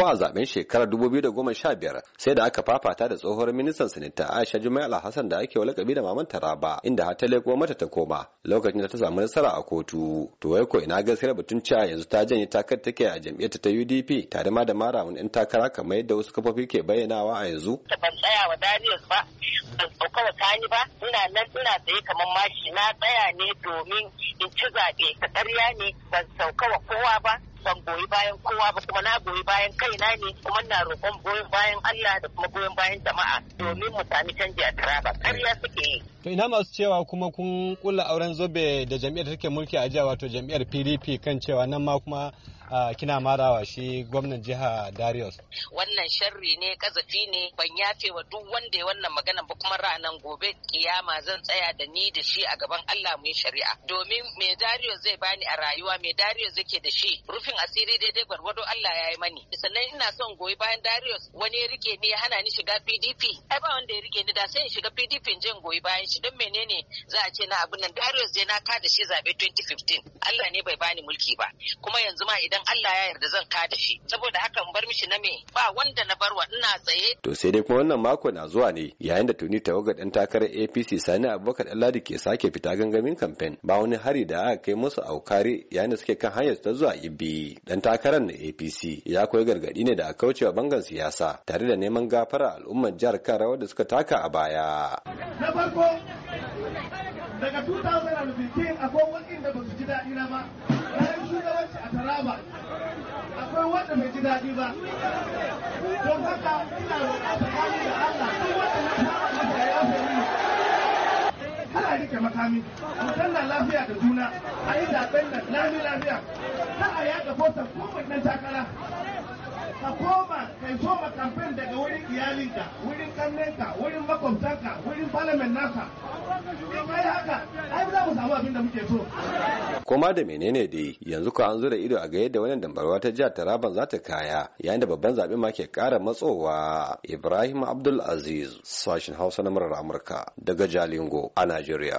ko a zaben shekarar 2015 sai da aka fafata da tsohuwar ministan sanita Aisha jumai Alhassan da ake walakabi da maman Taraba inda har ta leko mata ta koma lokacin da ta samu nasara a kotu to wai ko ina gaskiyar batun cewa yanzu ta janye takar take a jam'iyyar ta UDP tare ma da maramun yan takara kamar yadda wasu kafofi ke bayyanawa a yanzu ban tsaya wa Darius ba ban dauka wa tani ba ina nan ina tsaye kamar mashi na tsaya ne domin in ci zaɓe ta ƙarya ne ban sauka wa kowa ba ban goyi bayan kowa ba kuma na goyi bayan kaina ne kuma na roƙon goyon bayan Allah da kuma goyon bayan jama'a domin mu sami canji a Taraba ƙarya suke yi. To ina masu cewa kuma kun kula auren zobe da jam'iyyar take mulki a jiya wato jam'iyyar PDP kan cewa nan ma kuma kina marawa shi gwamnan jiha Darius. Wannan sharri ne kazafi ne ban yafe wa duk wanda ya wannan magana ba kuma ranan gobe kiyama zan tsaya da ni da shi a gaban Allah mu shari'a. Domin me Darius zai bani a rayuwa me Darius yake da shi rufin asiri daidai gwargwado Allah ya yi mani. Sannan ina son goyi bayan Darius wani ya rike ni ya hana ni shiga PDP. Ai ba wanda ya rike ni da sai in shiga PDP in je goyi bayan shi don menene za a ce na abin nan Darius zai na ka da shi zabe 2015. Allah ne bai bani mulki ba. Kuma yanzu ma idan idan Allah ya yarda zan ka da shi saboda hakan bar mishi na me ba wanda na barwa ina tsaye to sai dai kuma wannan mako na zuwa ne yayin da tuni tawaga dan takarar APC Sani Abubakar ladi ke sake fita gangamin kamfen ba wani hari da aka kai musu aukari yayin da suke kan hanyar ta zuwa Ib'i. dan takarar na APC ya koyi gargadi ne da a kaucewa bangan siyasa tare da neman gafara al'ummar jihar Karawa da suka taka a baya daga 2015 akwai waɗanda ba su ji daɗi na ba na yi shugabanci a taraba akwai wanda bai ji daɗi ba don haka ina roƙa tsakanin da Allah duk wanda na da masa ya yafe mini kana rike makami mu na lafiya da juna a yi zaɓen nan lami lafiya ta a yaɗa fotar kowanne takara in so ma kamfen daga wurin iyalinka wurin kannenka wurin makwabtanka wurin parliament nasa in haka ai za mu samu abin da muke so koma da menene dai yanzu ko an zo da ido a ga yadda wannan dambarwa ta jihar Taraban za ta kaya yayin da babban zaɓe ma ke kara matsowa Ibrahim Abdul Aziz sashin Hausa na murar Amurka daga Jalingo a Najeriya